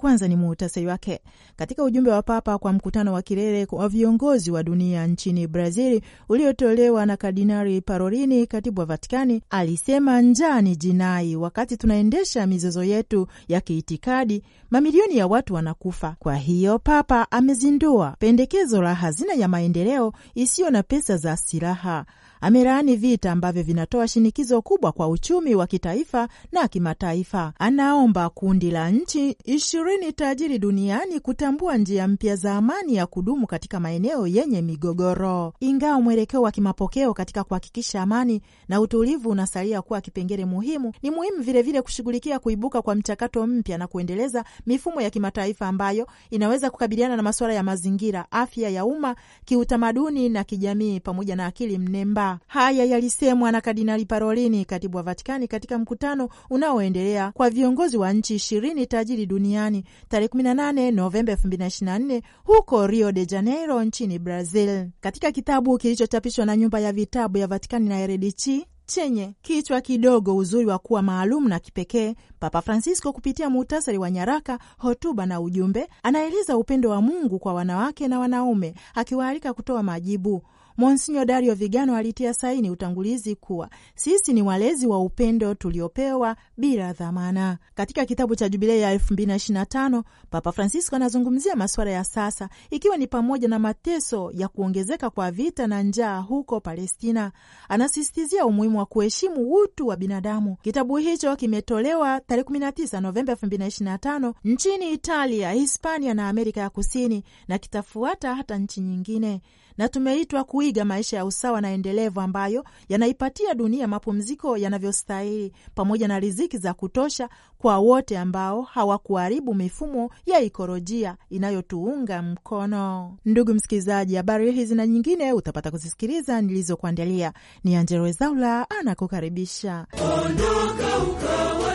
kwanza ni muhtasari wake. Katika ujumbe wa Papa kwa mkutano wa kilele wa viongozi wa dunia nchini Brazili uliotolewa na kardinari Parolini, katibu wa Vatikani, alisema njaa ni jinai. Wakati tunaendesha mizozo yetu ya kiitikadi, mamilioni ya watu wanakufa. Kwa hiyo, Papa amezindua pendekezo la hazina ya maendeleo isiyo na pesa za silaha Amelaani vita ambavyo vinatoa shinikizo kubwa kwa uchumi wa kitaifa na kimataifa. Anaomba kundi la nchi ishirini tajiri duniani kutambua njia mpya za amani ya kudumu katika maeneo yenye migogoro. Ingawa mwelekeo wa kimapokeo katika kuhakikisha amani na utulivu unasalia kuwa kipengele muhimu, ni muhimu vilevile kushughulikia kuibuka kwa mchakato mpya na kuendeleza mifumo ya kimataifa ambayo inaweza kukabiliana na masuala ya mazingira, afya ya umma, kiutamaduni na kijamii, pamoja na akili mnemba Haya yalisemwa na Kardinali Parolini, katibu wa Vatikani, katika mkutano unaoendelea kwa viongozi wa nchi ishirini tajiri duniani tarehe 18 Novemba 2024 huko Rio de Janeiro nchini Brazil. Katika kitabu kilichochapishwa na nyumba ya vitabu ya Vatikani na Eredichi chenye kichwa kidogo uzuri wa kuwa maalum na kipekee, Papa Francisco kupitia muhtasari wa nyaraka, hotuba na ujumbe, anaeleza upendo wa Mungu kwa wanawake na wanaume, akiwaalika kutoa majibu Monsinyo Dario Vigano alitia saini utangulizi kuwa sisi ni walezi wa upendo tuliopewa bila dhamana. Katika kitabu cha Jubilei ya 2025 Papa Francisco anazungumzia masuala ya sasa, ikiwa ni pamoja na mateso ya kuongezeka kwa vita na njaa huko Palestina. Anasisitizia umuhimu wa kuheshimu utu wa binadamu. Kitabu hicho kimetolewa tarehe 19 Novemba 2025 nchini Italia, Hispania na Amerika ya Kusini, na kitafuata hata nchi nyingine na tumeitwa kuiga maisha ya usawa na endelevu ambayo yanaipatia dunia mapumziko yanavyostahili pamoja na riziki za kutosha kwa wote ambao hawakuharibu mifumo ya ikolojia inayotuunga mkono. Ndugu msikilizaji, habari hizi na nyingine utapata kuzisikiliza nilizokuandalia. Ni Angella zaula anakukaribisha. Ondoka ukawa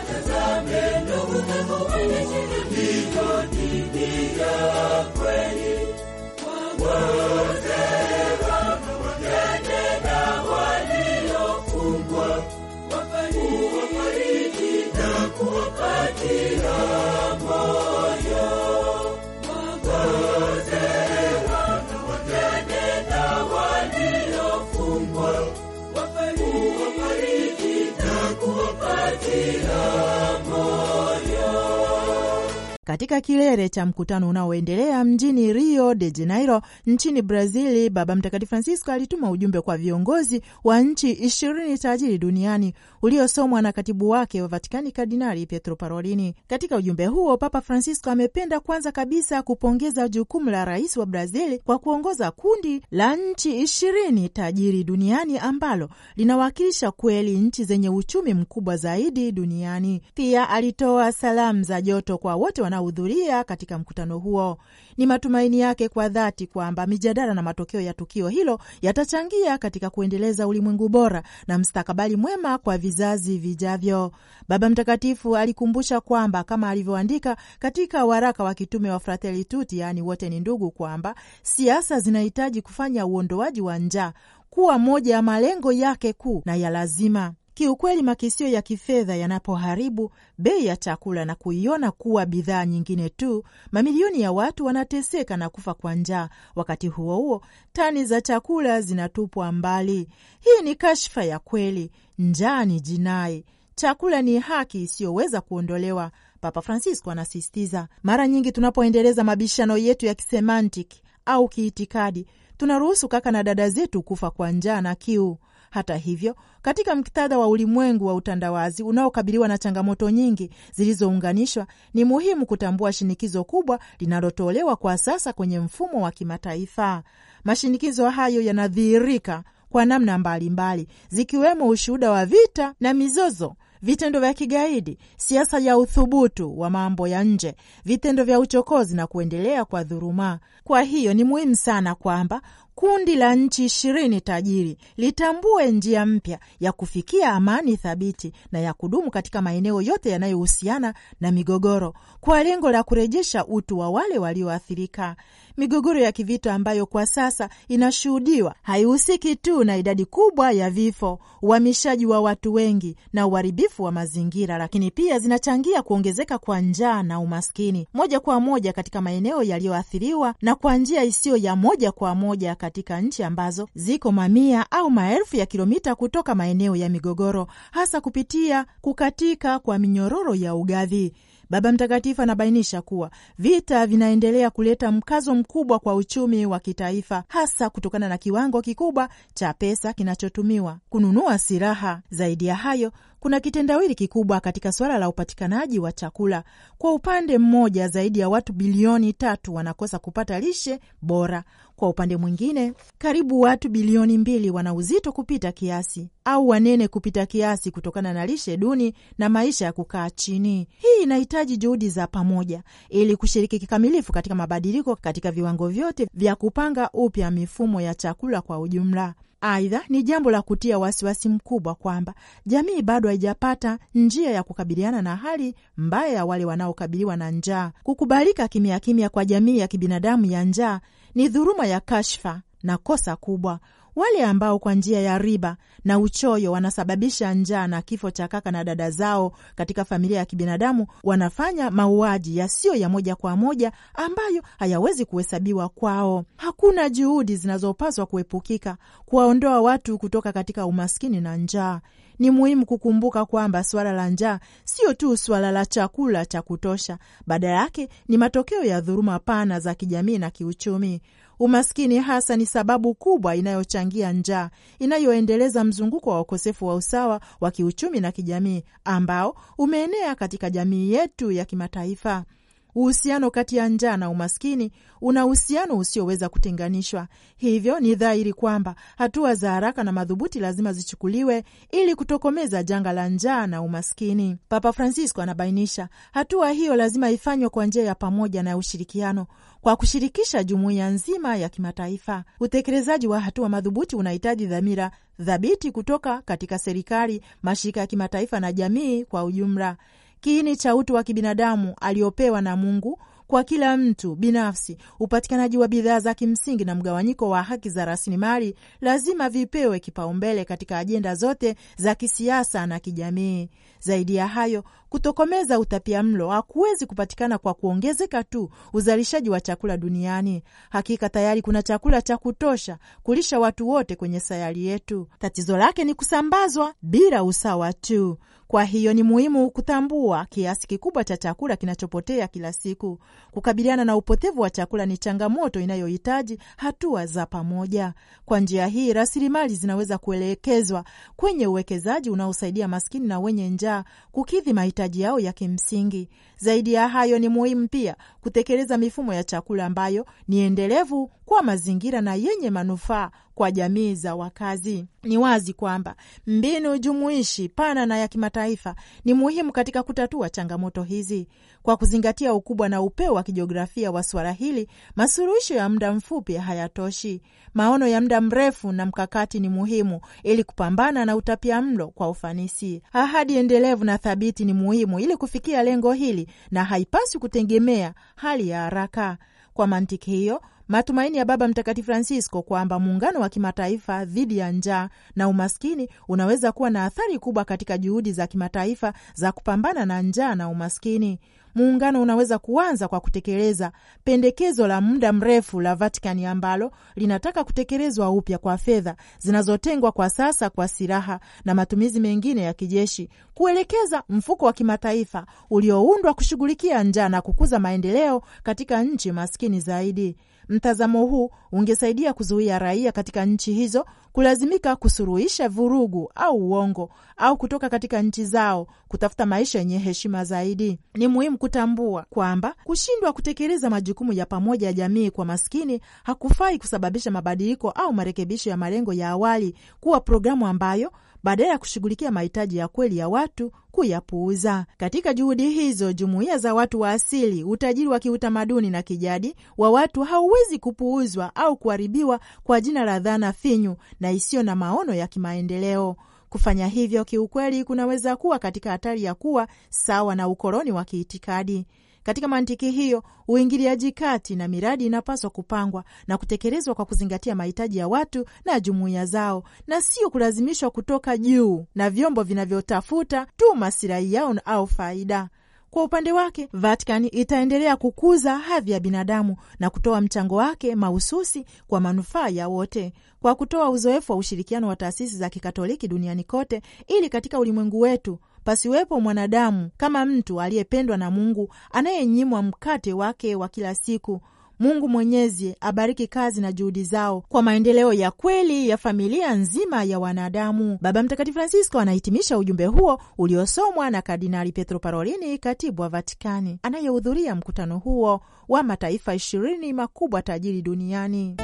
Katika kilele cha mkutano unaoendelea mjini Rio de Janeiro nchini Brazili, Baba Mtakatifu Francisco alituma ujumbe kwa viongozi wa nchi ishirini tajiri duniani uliosomwa na katibu wake wa Vatikani Kardinali Pietro Parolini. Katika ujumbe huo, Papa Francisco amependa kwanza kabisa kupongeza jukumu la rais wa Brazili kwa kuongoza kundi la nchi ishirini tajiri duniani ambalo linawakilisha kweli nchi zenye uchumi mkubwa zaidi duniani. Pia alitoa salamu za joto kwa wote wanao atahudhuria katika mkutano huo. Ni matumaini yake kwa dhati kwamba mijadala na matokeo ya tukio hilo yatachangia katika kuendeleza ulimwengu bora na mstakabali mwema kwa vizazi vijavyo. Baba Mtakatifu alikumbusha kwamba kama alivyoandika katika waraka wa kitume wa Fratelli Tutti, yaani wote ni ndugu, kwamba siasa zinahitaji kufanya uondoaji wa njaa kuwa moja ya malengo yake kuu na ya lazima. Kiukweli, makisio ya kifedha yanapoharibu bei ya chakula na kuiona kuwa bidhaa nyingine tu, mamilioni ya watu wanateseka na kufa kwa njaa. Wakati huo huo, tani za chakula zinatupwa mbali. Hii ni kashfa ya kweli. Njaa ni jinai, chakula ni haki isiyoweza kuondolewa. Papa Francisco anasisitiza. Mara nyingi tunapoendeleza mabishano yetu ya kisemantiki au kiitikadi, tunaruhusu kaka na dada zetu kufa kwa njaa na kiu. Hata hivyo, katika muktadha wa ulimwengu wa utandawazi unaokabiliwa na changamoto nyingi zilizounganishwa, ni muhimu kutambua shinikizo kubwa linalotolewa kwa sasa kwenye mfumo wa kimataifa. Mashinikizo hayo yanadhihirika kwa namna mbalimbali, zikiwemo ushuhuda wa vita na mizozo vitendo vya kigaidi, siasa ya uthubutu wa mambo ya nje, vitendo vya uchokozi na kuendelea kwa dhuruma Kwa hiyo ni muhimu sana kwamba kundi la nchi ishirini tajiri litambue njia mpya ya kufikia amani thabiti na ya kudumu katika maeneo yote yanayohusiana na migogoro kwa lengo la kurejesha utu wa wale walioathirika. Migogoro ya kivita ambayo kwa sasa inashuhudiwa haihusiki tu na idadi kubwa ya vifo, uhamishaji wa watu wengi na uharibifu wa mazingira, lakini pia zinachangia kuongezeka kwa njaa na umaskini moja kwa moja katika maeneo yaliyoathiriwa na kwa njia isiyo ya moja kwa moja katika nchi ambazo ziko mamia au maelfu ya kilomita kutoka maeneo ya migogoro, hasa kupitia kukatika kwa minyororo ya ugavi. Baba Mtakatifu anabainisha kuwa vita vinaendelea kuleta mkazo mkubwa kwa uchumi wa kitaifa, hasa kutokana na kiwango kikubwa cha pesa kinachotumiwa kununua silaha. Zaidi ya hayo, kuna kitendawili kikubwa katika suala la upatikanaji wa chakula. Kwa upande mmoja, zaidi ya watu bilioni tatu wanakosa kupata lishe bora. Kwa upande mwingine, karibu watu bilioni mbili wana uzito kupita kiasi au wanene kupita kiasi kutokana na lishe duni na maisha ya kukaa chini. Hii inahitaji juhudi za pamoja ili kushiriki kikamilifu katika mabadiliko katika viwango vyote vya kupanga upya mifumo ya chakula kwa ujumla. Aidha, ni jambo la kutia wasiwasi mkubwa kwamba jamii bado haijapata njia ya kukabiliana na hali mbaya ya wale wanaokabiliwa na njaa. Kukubalika kimya kimya kwa jamii ya kibinadamu ya njaa ni dhuruma ya kashfa na kosa kubwa wale ambao kwa njia ya riba na uchoyo wanasababisha njaa na kifo cha kaka na dada zao katika familia ya kibinadamu wanafanya mauaji yasiyo ya moja kwa moja ambayo hayawezi kuhesabiwa kwao. Hakuna juhudi zinazopaswa kuepukika kuwaondoa watu kutoka katika umaskini na njaa. Ni muhimu kukumbuka kwamba suala la njaa sio tu suala la chakula cha kutosha, badala yake ni matokeo ya dhuruma pana za kijamii na kiuchumi. Umaskini hasa ni sababu kubwa inayochangia njaa inayoendeleza mzunguko wa ukosefu wa usawa wa kiuchumi na kijamii ambao umeenea katika jamii yetu ya kimataifa. Uhusiano kati ya njaa na umaskini una uhusiano usioweza kutenganishwa. Hivyo ni dhahiri kwamba hatua za haraka na madhubuti lazima zichukuliwe ili kutokomeza janga la njaa na umaskini. Papa Francisco anabainisha, hatua hiyo lazima ifanywe kwa njia ya pamoja na ya ushirikiano kwa kushirikisha jumuiya nzima ya kimataifa. Utekelezaji wa hatua madhubuti unahitaji dhamira thabiti kutoka katika serikali, mashirika ya kimataifa na jamii kwa ujumla kiini cha utu wa kibinadamu aliopewa na Mungu kwa kila mtu binafsi. Upatikanaji wa bidhaa za kimsingi na mgawanyiko wa haki za rasilimali lazima vipewe kipaumbele katika ajenda zote za kisiasa na kijamii. Zaidi ya hayo, kutokomeza utapia mlo hakuwezi kupatikana kwa kuongezeka tu uzalishaji wa chakula duniani. Hakika tayari kuna chakula cha kutosha kulisha watu wote kwenye sayari yetu. Tatizo lake ni kusambazwa bila usawa tu. Kwa hiyo ni muhimu kutambua kiasi kikubwa cha chakula kinachopotea kila siku. Kukabiliana na upotevu wa chakula ni changamoto inayohitaji hatua za pamoja. Kwa njia hii, rasilimali zinaweza kuelekezwa kwenye uwekezaji unaosaidia maskini na wenye njaa kukidhi mahitaji yao ya kimsingi. Zaidi ya hayo, ni muhimu pia kutekeleza mifumo ya chakula ambayo ni endelevu kwa mazingira na yenye manufaa kwa jamii za wakazi. Ni wazi kwamba mbinu jumuishi pana na ya kimataifa ni muhimu katika kutatua changamoto hizi. Kwa kuzingatia ukubwa na upeo wa kijiografia wa suala hili, masuluhisho ya muda mfupi hayatoshi. Maono ya muda mrefu na mkakati ni muhimu ili kupambana na utapia mlo kwa ufanisi. Ahadi endelevu na thabiti ni muhimu ili kufikia lengo hili na haipaswi kutegemea hali ya haraka. Kwa mantiki hiyo Matumaini ya Baba Mtakatifu Francisco kwamba muungano wa kimataifa dhidi ya njaa na umaskini unaweza kuwa na athari kubwa katika juhudi za kimataifa za kupambana na njaa na umaskini. Muungano unaweza kuanza kwa kutekeleza pendekezo la muda mrefu la Vatikani ambalo linataka kutekelezwa upya kwa fedha zinazotengwa kwa sasa kwa silaha na matumizi mengine ya kijeshi, kuelekeza mfuko wa kimataifa ulioundwa kushughulikia njaa na kukuza maendeleo katika nchi maskini zaidi. Mtazamo huu ungesaidia kuzuia raia katika nchi hizo kulazimika kusuruhisha vurugu au uongo au kutoka katika nchi zao kutafuta maisha yenye heshima zaidi. Ni muhimu kutambua kwamba kushindwa kutekeleza majukumu ya pamoja ya jamii kwa maskini hakufai kusababisha mabadiliko au marekebisho ya malengo ya awali kuwa programu ambayo badala ya kushughulikia mahitaji ya kweli ya watu kuyapuuza. Katika juhudi hizo, jumuiya za watu wa asili, utajiri wa kiutamaduni na kijadi wa watu hauwezi kupuuzwa au kuharibiwa kwa jina la dhana finyu na isiyo na maono ya kimaendeleo. Kufanya hivyo kiukweli kunaweza kuwa katika hatari ya kuwa sawa na ukoloni wa kiitikadi. Katika mantiki hiyo, uingiliaji kati na miradi inapaswa kupangwa na kutekelezwa kwa kuzingatia mahitaji ya watu na jumuiya zao, na sio kulazimishwa kutoka juu na vyombo vinavyotafuta tu masilahi yao au faida. Kwa upande wake Vatican itaendelea kukuza hadhi ya binadamu na kutoa mchango wake mahususi kwa manufaa ya wote kwa kutoa uzoefu wa ushirikiano wa taasisi za Kikatoliki duniani kote, ili katika ulimwengu wetu pasiwepo mwanadamu kama mtu aliyependwa na Mungu anayenyimwa mkate wake wa kila siku. Mungu Mwenyezi abariki kazi na juhudi zao kwa maendeleo ya kweli ya familia nzima ya wanadamu. Baba Mtakatifu Francisco anahitimisha ujumbe huo uliosomwa na Kardinali Pietro Parolini, katibu wa Vatikani anayehudhuria mkutano huo wa mataifa ishirini makubwa tajiri duniani.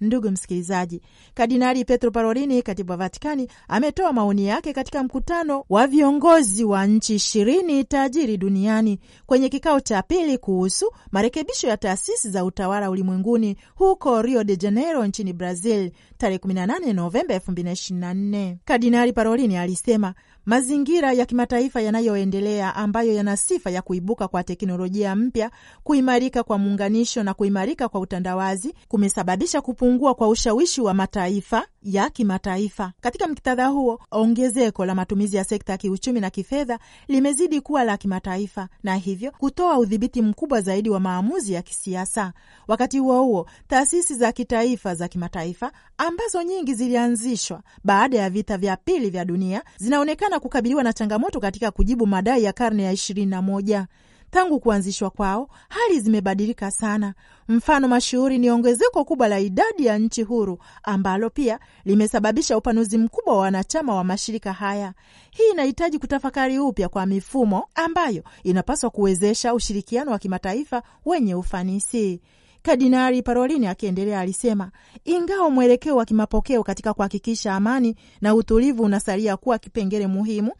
Ndugu msikilizaji, Kardinali Petro Parolini, katibu wa Vatikani, ametoa maoni yake katika mkutano wa viongozi wa nchi ishirini tajiri duniani kwenye kikao cha pili kuhusu marekebisho ya taasisi za utawala ulimwenguni huko Rio de Janeiro nchini Brazil tarehe 18 Novemba 2024. Kardinali Parolini alisema Mazingira ya kimataifa yanayoendelea ambayo yana sifa ya kuibuka kwa teknolojia mpya, kuimarika kwa muunganisho na kuimarika kwa utandawazi kumesababisha kupungua kwa ushawishi wa mataifa ya kimataifa. Katika muktadha huo, ongezeko la matumizi ya sekta ya kiuchumi na kifedha limezidi kuwa la kimataifa na hivyo kutoa udhibiti mkubwa zaidi wa maamuzi ya kisiasa. Wakati huo huo, taasisi za kitaifa za kimataifa ambazo nyingi zilianzishwa baada ya vita vya pili vya dunia zinaonekana kukabiliwa na changamoto katika kujibu madai ya karne ya ishirini na moja. Tangu kuanzishwa kwao hali zimebadilika sana. Mfano mashuhuri ni ongezeko kubwa la idadi ya nchi huru ambalo pia limesababisha upanuzi mkubwa wa wanachama wa mashirika haya. Hii inahitaji kutafakari upya kwa mifumo ambayo inapaswa kuwezesha ushirikiano wa kimataifa wenye ufanisi. Kardinali Parolini akiendelea alisema, ingawa mwelekeo wa kimapokeo katika kuhakikisha amani na utulivu unasalia kuwa kipengele muhimu,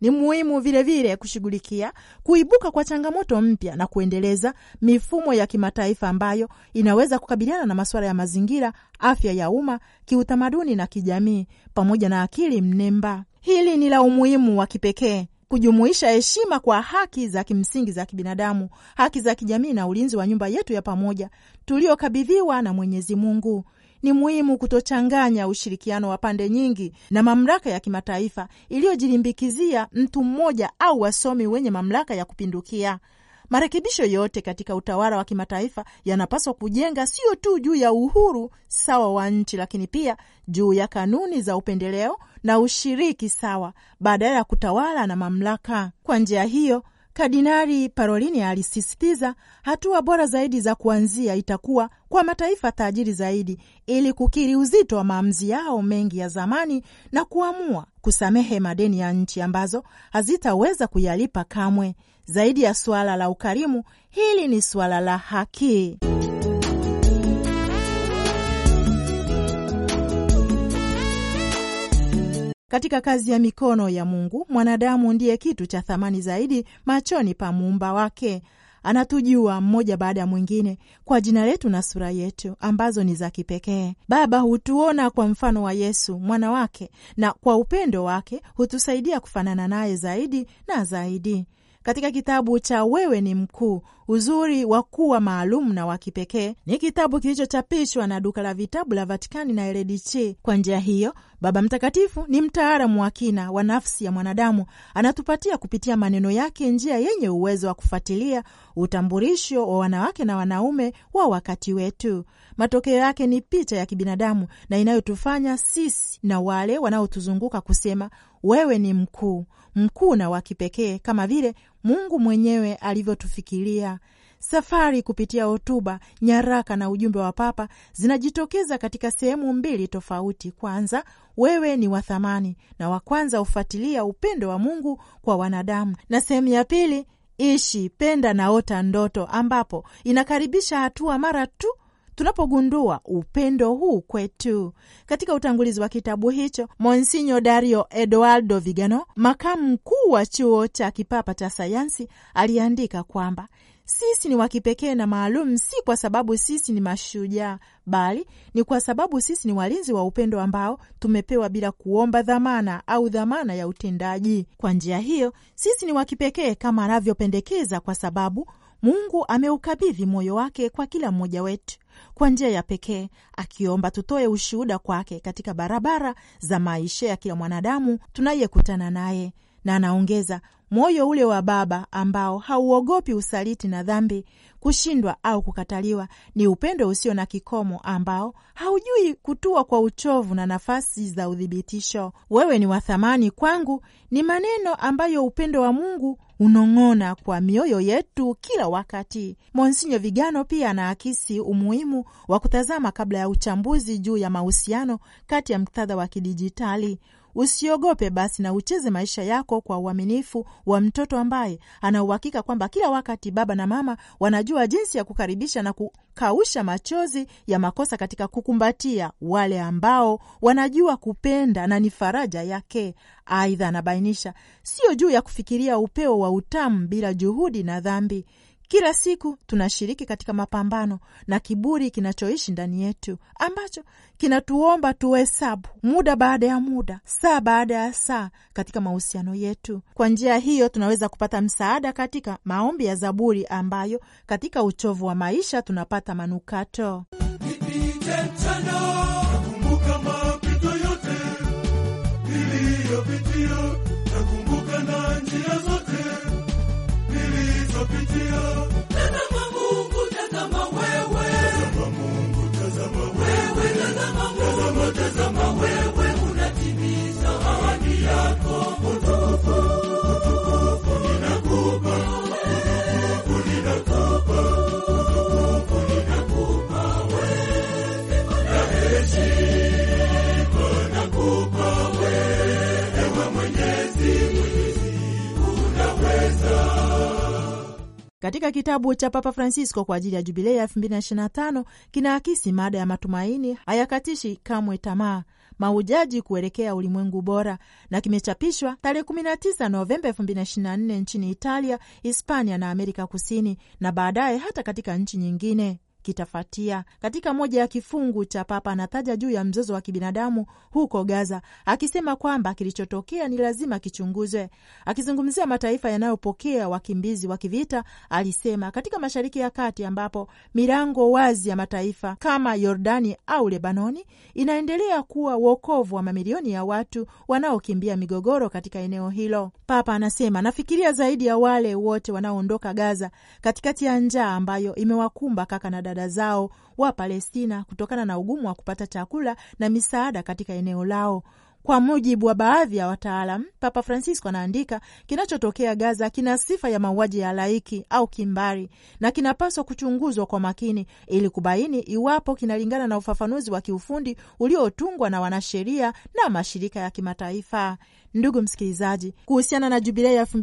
ni muhimu vilevile kushughulikia kuibuka kwa changamoto mpya na kuendeleza mifumo ya kimataifa ambayo inaweza kukabiliana na masuala ya mazingira, afya ya umma, kiutamaduni na kijamii, pamoja na akili mnemba. Hili ni la umuhimu wa kipekee kujumuisha heshima kwa haki za kimsingi za kibinadamu, haki za kijamii na ulinzi wa nyumba yetu ya pamoja tuliokabidhiwa na Mwenyezi Mungu. Ni muhimu kutochanganya ushirikiano wa pande nyingi na mamlaka ya kimataifa iliyojilimbikizia mtu mmoja au wasomi wenye mamlaka ya kupindukia. Marekebisho yote katika utawala wa kimataifa yanapaswa kujenga sio tu juu ya uhuru sawa wa nchi, lakini pia juu ya kanuni za upendeleo na ushiriki sawa, badala ya kutawala na mamlaka. Kwa njia hiyo Kardinali Parolini alisisitiza hatua bora zaidi za kuanzia itakuwa kwa mataifa tajiri zaidi, ili kukiri uzito wa maamuzi yao mengi ya zamani na kuamua kusamehe madeni ya nchi ambazo hazitaweza kuyalipa kamwe. Zaidi ya suala la ukarimu, hili ni suala la haki. Katika kazi ya mikono ya Mungu, mwanadamu ndiye kitu cha thamani zaidi machoni pa muumba wake. Anatujua mmoja baada ya mwingine kwa jina letu na sura yetu ambazo ni za kipekee. Baba hutuona kwa mfano wa Yesu mwana wake, na kwa upendo wake hutusaidia kufanana naye zaidi na zaidi katika kitabu cha Wewe ni Mkuu, uzuri wa kuwa maalum na wa kipekee. Ni kitabu kilichochapishwa na duka la vitabu la Vatikani na LDC. Kwa njia hiyo, Baba Mtakatifu ni mtaalamu wa kina wa nafsi ya mwanadamu, anatupatia kupitia maneno yake njia yenye uwezo wa kufuatilia utambulisho wa wanawake na wanaume wa wakati wetu. Matokeo yake ni picha ya kibinadamu na inayotufanya sisi na wale wanaotuzunguka kusema, wewe ni mkuu, mkuu na wa kipekee, kama vile Mungu mwenyewe alivyotufikiria. Safari kupitia hotuba, nyaraka na ujumbe wa Papa zinajitokeza katika sehemu mbili tofauti. Kwanza, wewe ni wa thamani, na wa kwanza hufuatilia upendo wa Mungu kwa wanadamu, na sehemu ya pili, ishi, penda na ota ndoto, ambapo inakaribisha hatua mara tu tunapogundua upendo huu kwetu. Katika utangulizi wa kitabu hicho, Monsinyo Dario Eduardo Vigano, makamu mkuu wa chuo cha kipapa cha sayansi, aliandika kwamba sisi ni wa kipekee na maalum, si kwa sababu sisi ni mashujaa, bali ni kwa sababu sisi ni walinzi wa upendo ambao tumepewa bila kuomba dhamana au dhamana ya utendaji. Kwa njia hiyo, sisi ni wa kipekee kama anavyopendekeza, kwa sababu Mungu ameukabidhi moyo wake kwa kila mmoja wetu kwa njia ya pekee, akiomba tutoe ushuhuda kwake katika barabara za maisha ya kila mwanadamu tunayekutana naye, na anaongeza moyo ule wa Baba ambao hauogopi usaliti na dhambi, kushindwa au kukataliwa. Ni upendo usio na kikomo ambao haujui kutua kwa uchovu na nafasi za uthibitisho. Wewe ni wa thamani kwangu, ni maneno ambayo upendo wa Mungu unong'ona kwa mioyo yetu kila wakati. Monsinyo Vigano pia anaakisi umuhimu wa kutazama kabla ya uchambuzi juu ya mahusiano kati ya muktadha wa kidijitali Usiogope basi na ucheze maisha yako kwa uaminifu wa mtoto ambaye ana uhakika kwamba kila wakati baba na mama wanajua jinsi ya kukaribisha na kukausha machozi ya makosa katika kukumbatia wale ambao wanajua kupenda na ni faraja yake. Aidha, anabainisha sio juu ya kufikiria upeo wa utamu bila juhudi na dhambi, kila siku tunashiriki katika mapambano na kiburi kinachoishi ndani yetu, ambacho kinatuomba tuhesabu muda baada ya muda, saa baada ya saa katika mahusiano yetu. Kwa njia hiyo, tunaweza kupata msaada katika maombi ya Zaburi, ambayo katika uchovu wa maisha tunapata manukato. kupitia katika kitabu cha Papa Francisco kwa ajili ya Jubilei ya 2025 kinaakisi mada ya matumaini hayakatishi kamwe tamaa maujaji kuelekea ulimwengu bora na kimechapishwa tarehe 19 Novemba 2024 nchini Italia, Hispania na Amerika Kusini, na baadaye hata katika nchi nyingine kitafatia. Katika moja ya kifungu cha Papa anataja juu ya mzozo wa kibinadamu huko Gaza, akisema kwamba kilichotokea ni lazima kichunguzwe. Akizungumzia mataifa yanayopokea wakimbizi wa kivita, alisema katika Mashariki ya Kati, ambapo milango wazi ya mataifa kama Yordani au Lebanoni inaendelea kuwa wokovu wa mamilioni ya watu wanaokimbia migogoro katika eneo hilo. Papa anasema, nafikiria zaidi ya wale wote wanaoondoka Gaza katikati ya njaa ambayo imewakumba kaka na dada zao wa Palestina kutokana na ugumu wa kupata chakula na misaada katika eneo lao. Kwa mujibu wa baadhi ya wataalam, Papa Francisco anaandika, kinachotokea Gaza kina sifa ya mauaji ya laiki au kimbari na kinapaswa kuchunguzwa kwa makini ili kubaini iwapo kinalingana na ufafanuzi wa kiufundi uliotungwa na wanasheria na mashirika ya kimataifa. Ndugu msikilizaji, kuhusiana na jubilei ya elfu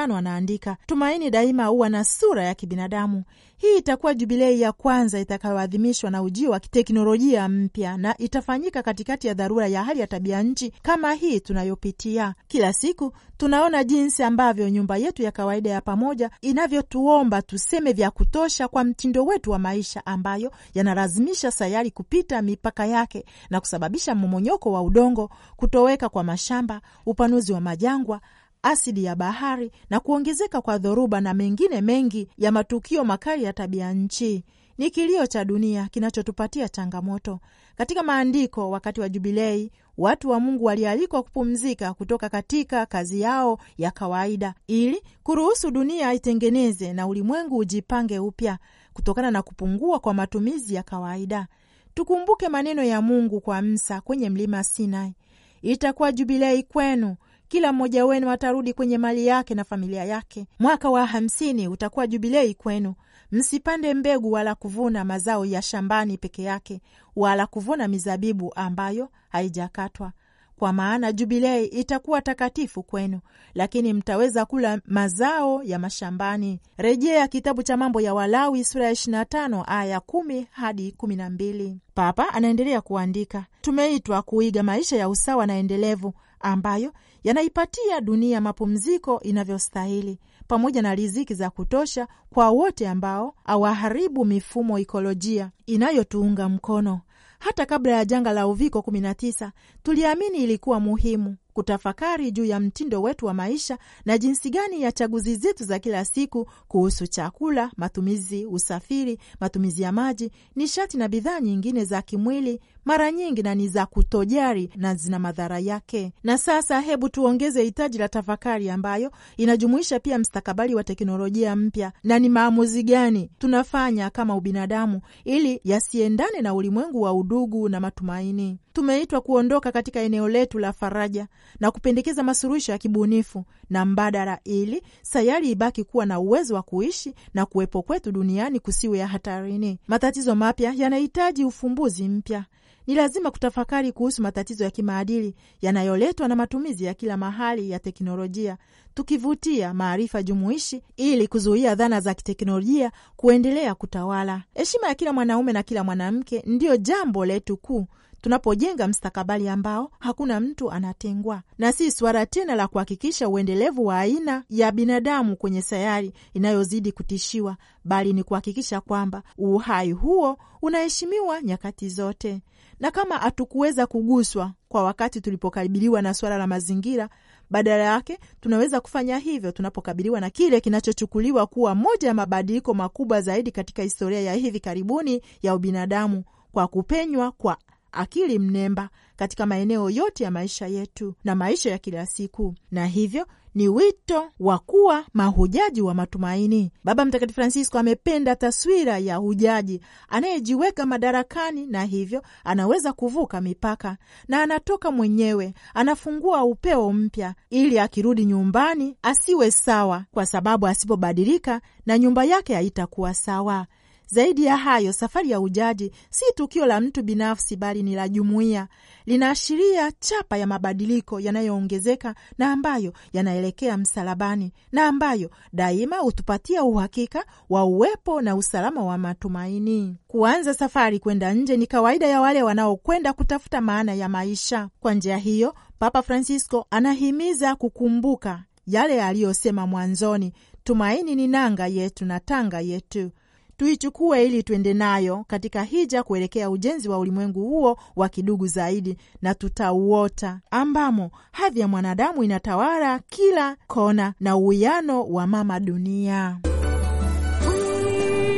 anaandika, tumaini daima huwa na sura ya kibinadamu. Hii itakuwa jubilei ya kwanza itakayoadhimishwa na ujio wa teknolojia mpya na itafanyika katikati ya dharura ya hali ya tabia nchi kama hii tunayopitia kila siku. Tunaona jinsi ambavyo nyumba yetu ya kawaida ya pamoja inavyotuomba tuseme vya kutosha kwa mtindo wetu wa maisha ambayo yanalazimisha sayari kupita mipaka yake na kusababisha mmomonyoko wa udongo, kutoweka kwa mashamba upanuzi wa majangwa, asidi ya bahari na kuongezeka kwa dhoruba na mengine mengi ya matukio makali ya tabia nchi ni kilio cha dunia kinachotupatia changamoto. Katika maandiko, wakati wa Jubilei, watu wa Mungu walialikwa kupumzika kutoka katika kazi yao ya kawaida ili kuruhusu dunia itengeneze na ulimwengu ujipange upya kutokana na kupungua kwa matumizi ya kawaida. Tukumbuke maneno ya Mungu kwa Musa kwenye mlima Sinai itakuwa jubilei kwenu, kila mmoja wenu atarudi kwenye mali yake na familia yake. Mwaka wa hamsini utakuwa jubilei kwenu. Msipande mbegu wala kuvuna mazao ya shambani peke yake, wala kuvuna mizabibu ambayo haijakatwa kwa maana Jubilei itakuwa takatifu kwenu, lakini mtaweza kula mazao ya mashambani. Rejea kitabu cha Mambo ya Walawi sura ya 25 aya 10 hadi 12. Papa anaendelea kuandika, tumeitwa kuiga maisha ya usawa na endelevu ambayo yanaipatia dunia mapumziko inavyostahili pamoja na riziki za kutosha kwa wote ambao hawaharibu mifumo ikolojia inayotuunga mkono hata kabla ya janga la uviko 19 tuliamini ilikuwa muhimu kutafakari juu ya mtindo wetu wa maisha na jinsi gani ya chaguzi zetu za kila siku kuhusu chakula, matumizi, usafiri, matumizi ya maji, nishati na bidhaa nyingine za kimwili mara nyingi na ni za kutojari na zina madhara yake. Na sasa hebu tuongeze hitaji la tafakari ambayo inajumuisha pia mstakabali wa teknolojia mpya, na ni maamuzi gani tunafanya kama ubinadamu ili yasiendane na ulimwengu wa udugu na matumaini tumeitwa kuondoka katika eneo letu la faraja na kupendekeza masuluhisho ya kibunifu na mbadala, ili sayari ibaki kuwa na uwezo wa kuishi na kuwepo kwetu duniani kusiwe ya hatarini. Matatizo mapya yanahitaji ufumbuzi mpya. Ni lazima kutafakari kuhusu matatizo ya kimaadili yanayoletwa na matumizi ya kila mahali ya teknolojia, tukivutia maarifa jumuishi ili kuzuia dhana za kiteknolojia kuendelea kutawala. Heshima ya kila mwanaume na kila mwanamke ndiyo jambo letu kuu tunapojenga mstakabali ambao hakuna mtu anatengwa, na si suala tena la kuhakikisha uendelevu wa aina ya binadamu kwenye sayari inayozidi kutishiwa, bali ni kuhakikisha kwamba uhai huo unaheshimiwa nyakati zote. Na kama hatukuweza kuguswa kwa wakati tulipokabiliwa na suala la mazingira, badala yake tunaweza kufanya hivyo tunapokabiliwa na kile kinachochukuliwa kuwa moja ya mabadiliko makubwa zaidi katika historia ya hivi karibuni ya ubinadamu, kwa kupenywa kwa akili mnemba katika maeneo yote ya maisha yetu na maisha ya kila siku, na hivyo ni wito wa kuwa mahujaji wa matumaini. Baba Mtakatifu Francisco amependa taswira ya hujaji anayejiweka madarakani, na hivyo anaweza kuvuka mipaka na anatoka mwenyewe, anafungua upeo mpya, ili akirudi nyumbani asiwe sawa, kwa sababu asipobadilika na nyumba yake haitakuwa sawa. Zaidi ya hayo, safari ya ujaji si tukio la mtu binafsi, bali ni la jumuiya. Linaashiria chapa ya mabadiliko yanayoongezeka na ambayo yanaelekea msalabani na ambayo daima hutupatia uhakika wa uwepo na usalama wa matumaini. Kuanza safari kwenda nje ni kawaida ya wale wanaokwenda kutafuta maana ya maisha. Kwa njia hiyo, Papa Francisco anahimiza kukumbuka yale aliyosema mwanzoni: tumaini ni nanga yetu na tanga yetu tuichukue ili twende nayo katika hija kuelekea ujenzi wa ulimwengu huo wa kidugu zaidi, na tutauota ambamo hadhi ya mwanadamu inatawala kila kona na uwiano wa mama dunia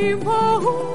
Wimbo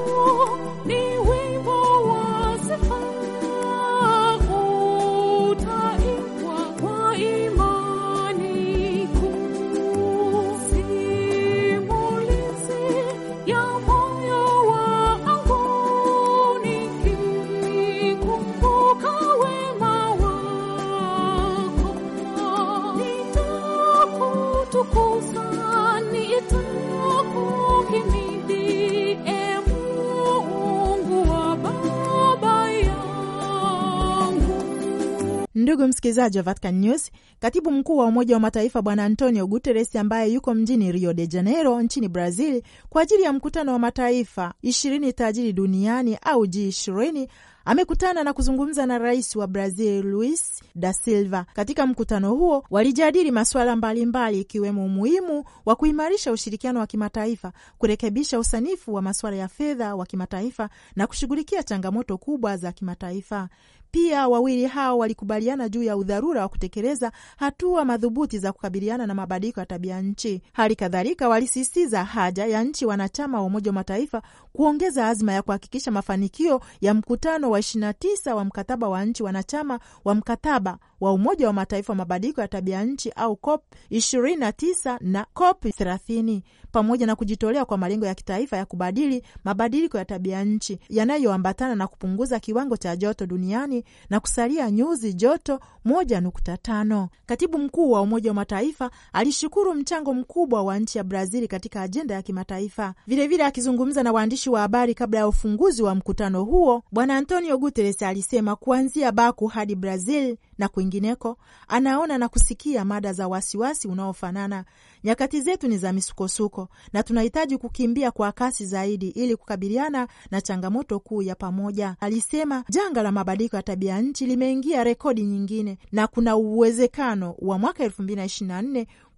Ndugu msikilizaji wa Vatican News, katibu mkuu wa Umoja wa Mataifa Bwana Antonio Guterres, ambaye yuko mjini Rio de Janeiro nchini Brazil kwa ajili ya mkutano wa mataifa ishirini tajiri duniani au G20, amekutana na kuzungumza na rais wa Brazil Luis da Silva. Katika mkutano huo walijadili masuala mbalimbali, ikiwemo umuhimu wa kuimarisha ushirikiano wa kimataifa, kurekebisha usanifu wa masuala ya fedha wa kimataifa na kushughulikia changamoto kubwa za kimataifa. Pia wawili hao walikubaliana juu ya udharura wa kutekeleza hatua madhubuti za kukabiliana na mabadiliko ya tabia nchi. Hali kadhalika, walisisitiza haja ya nchi wanachama wa Umoja wa Mataifa kuongeza azma ya kuhakikisha mafanikio ya mkutano wa 29 wa mkataba wa nchi wanachama wa mkataba wa Umoja wa Mataifa wa mabadiliko ya tabia nchi au COP 29 na COP 30 pamoja na kujitolea kwa malengo ya kitaifa ya kubadili mabadiliko ya tabia nchi yanayoambatana na kupunguza kiwango cha joto duniani na kusalia nyuzi joto 1.5. Katibu mkuu wa Umoja wa Mataifa alishukuru mchango mkubwa wa nchi ya Brazil katika ajenda ya kimataifa. Vilevile, akizungumza na waandishi wa habari kabla ya ufunguzi wa mkutano huo, Bwana Antonio Guterres alisema kuanzia Baku hadi Brazil na kwingineko, anaona na kusikia mada za wasiwasi unaofanana. Nyakati zetu ni za misukosuko na tunahitaji kukimbia kwa kasi zaidi ili kukabiliana na changamoto kuu ya pamoja, alisema. Janga la mabadiliko ya tabia nchi limeingia rekodi nyingine na kuna uwezekano wa mwaka elfu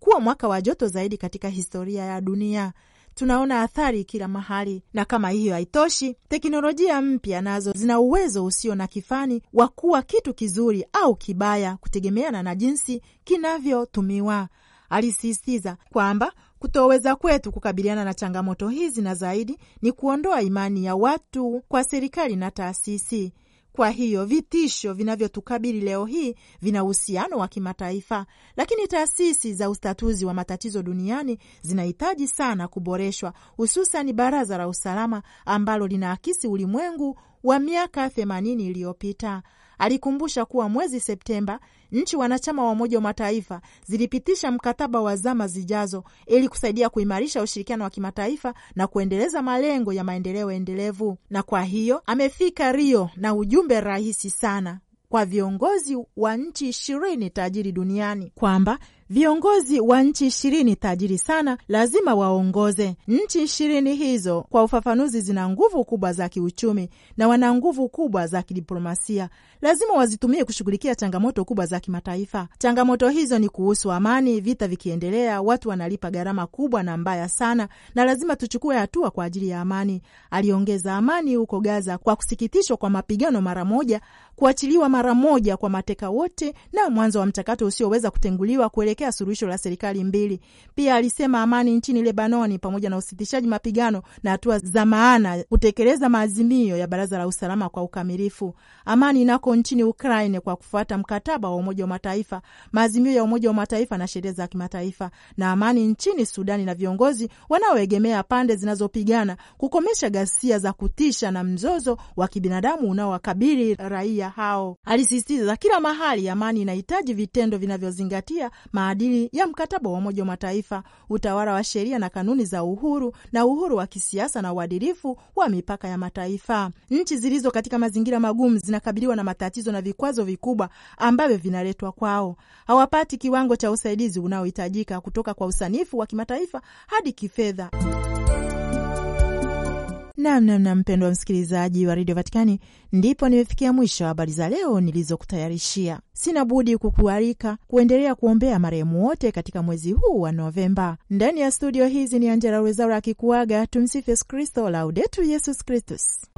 kuwa mwaka wa joto zaidi katika historia ya dunia tunaona athari kila mahali. Na kama hiyo haitoshi, teknolojia mpya nazo zina uwezo usio na kifani wa kuwa kitu kizuri au kibaya, kutegemeana na jinsi kinavyotumiwa. Alisisitiza kwamba kutoweza kwetu kukabiliana na changamoto hizi na zaidi ni kuondoa imani ya watu kwa serikali na taasisi. Kwa hiyo vitisho vinavyotukabili leo hii vina uhusiano wa kimataifa, lakini taasisi za ustatuzi wa matatizo duniani zinahitaji sana kuboreshwa, hususan Baraza la Usalama ambalo linaakisi ulimwengu wa miaka themanini iliyopita. Alikumbusha kuwa mwezi Septemba nchi wanachama wa Umoja wa Mataifa zilipitisha mkataba wa zama zijazo ili kusaidia kuimarisha ushirikiano wa kimataifa na kuendeleza malengo ya maendeleo endelevu. Na kwa hiyo amefika Rio na ujumbe rahisi sana kwa viongozi wa nchi ishirini tajiri duniani kwamba Viongozi wa nchi ishirini tajiri sana lazima waongoze nchi ishirini hizo. Kwa ufafanuzi, zina nguvu kubwa za kiuchumi na wana nguvu kubwa za kidiplomasia, lazima wazitumie kushughulikia changamoto kubwa za kimataifa. Changamoto hizo ni kuhusu amani. Vita vikiendelea, watu wanalipa gharama kubwa na mbaya sana, na lazima tuchukue hatua kwa ajili ya amani. Aliongeza amani huko Gaza kwa kusikitishwa kwa mapigano mara moja, kuachiliwa mara moja kwa mateka wote na mwanzo wa mchakato usioweza kutenguliwa kuele kupelekea suluhisho la serikali mbili. Pia alisema amani nchini Lebanoni pamoja na usitishaji mapigano na hatua za maana kutekeleza maazimio ya Baraza la Usalama kwa ukamilifu. Amani inako nchini Ukraine kwa kufuata mkataba wa Umoja wa Mataifa, maazimio ya Umoja wa Mataifa na sheria za kimataifa, na amani nchini Sudani na viongozi wanaoegemea pande zinazopigana kukomesha ghasia za kutisha na mzozo wa kibinadamu unaowakabili raia hao. Alisisitiza kila mahali amani inahitaji vitendo vinavyozingatia ma maadili ya mkataba wa Umoja wa Mataifa, utawala wa sheria na kanuni za uhuru na uhuru wa kisiasa na uadilifu wa mipaka ya mataifa. Nchi zilizo katika mazingira magumu zinakabiliwa na matatizo na vikwazo vikubwa ambavyo vinaletwa kwao. Hawapati kiwango cha usaidizi unaohitajika kutoka kwa usanifu wa kimataifa hadi kifedha. Namnamna wa msikilizaji wa redio Vatikani, ndipo nimefikia mwisho wa habari za leo nilizokutayarishia. Sina budi kukualika kuendelea kuombea marehemu wote katika mwezi huu wa Novemba. Ndani ya studio hizi ni Angela Rwezaura akikuaga. Tumsifu Yesu Kristo, Laudetu Yesus Kristus.